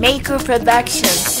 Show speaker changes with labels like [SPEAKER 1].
[SPEAKER 1] Maker Productions.